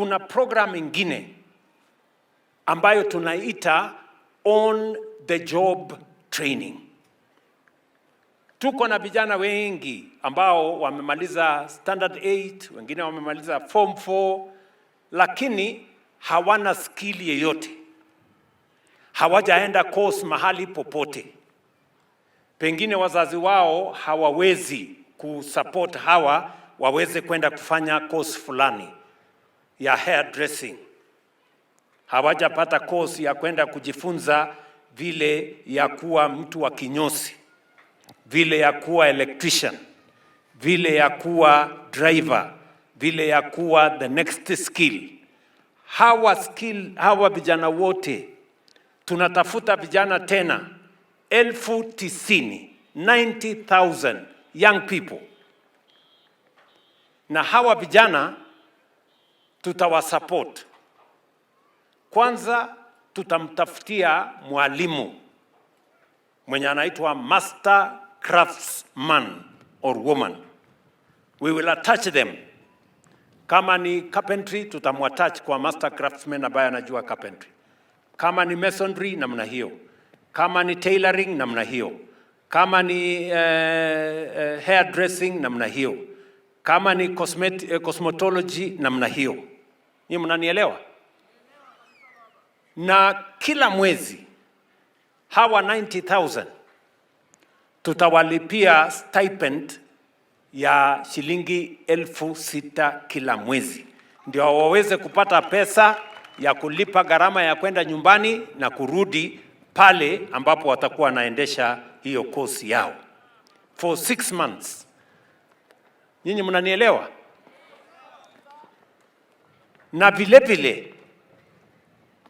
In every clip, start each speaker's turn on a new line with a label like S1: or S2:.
S1: kuna programu ingine ambayo tunaita on the job training. Tuko na vijana wengi ambao wamemaliza standard 8, wengine wamemaliza form 4, lakini hawana skill yeyote, hawajaenda course mahali popote. Pengine wazazi wao hawawezi kusupport hawa waweze kwenda kufanya course fulani ya hairdressing. hawajapata kosi ya kwenda kujifunza vile ya kuwa mtu wa kinyosi vile ya kuwa electrician, vile ya kuwa driver, vile ya kuwa the next skill. Hawa skill hawa vijana wote tunatafuta vijana tena elfu tisini 90,000 young people, na hawa vijana tutawasupport. Kwanza tutamtafutia mwalimu mwenye anaitwa master craftsman or woman, we will attach them. Kama ni carpentry, tutamwattach kwa master craftsman ambaye anajua carpentry. Kama ni masonry, namna hiyo. Kama ni tailoring, namna hiyo. Kama ni uh, eh, uh, eh, hairdressing, namna hiyo kama ni eh, cosmetology namna hiyo, ni mnanielewa. Na kila mwezi hawa 90000 tutawalipia stipend ya shilingi elfu sita kila mwezi, ndio waweze kupata pesa ya kulipa gharama ya kwenda nyumbani na kurudi pale ambapo watakuwa wanaendesha hiyo kosi yao for six months. Nyinyi mnanielewa? Na vilevile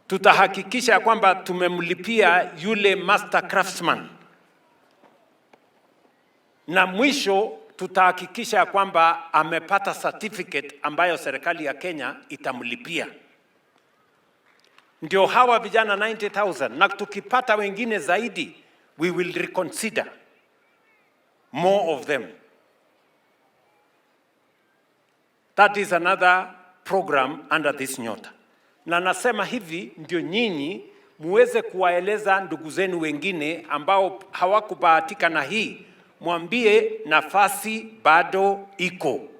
S1: tutahakikisha kwamba tumemlipia yule master craftsman, na mwisho tutahakikisha kwamba amepata certificate ambayo serikali ya Kenya itamlipia. Ndio hawa vijana 90000 na tukipata wengine zaidi, we will reconsider more of them. That is another program under this Nyota, na nasema hivi ndio nyinyi muweze kuwaeleza ndugu zenu wengine ambao hawakubahatika na hii, mwambie nafasi bado iko.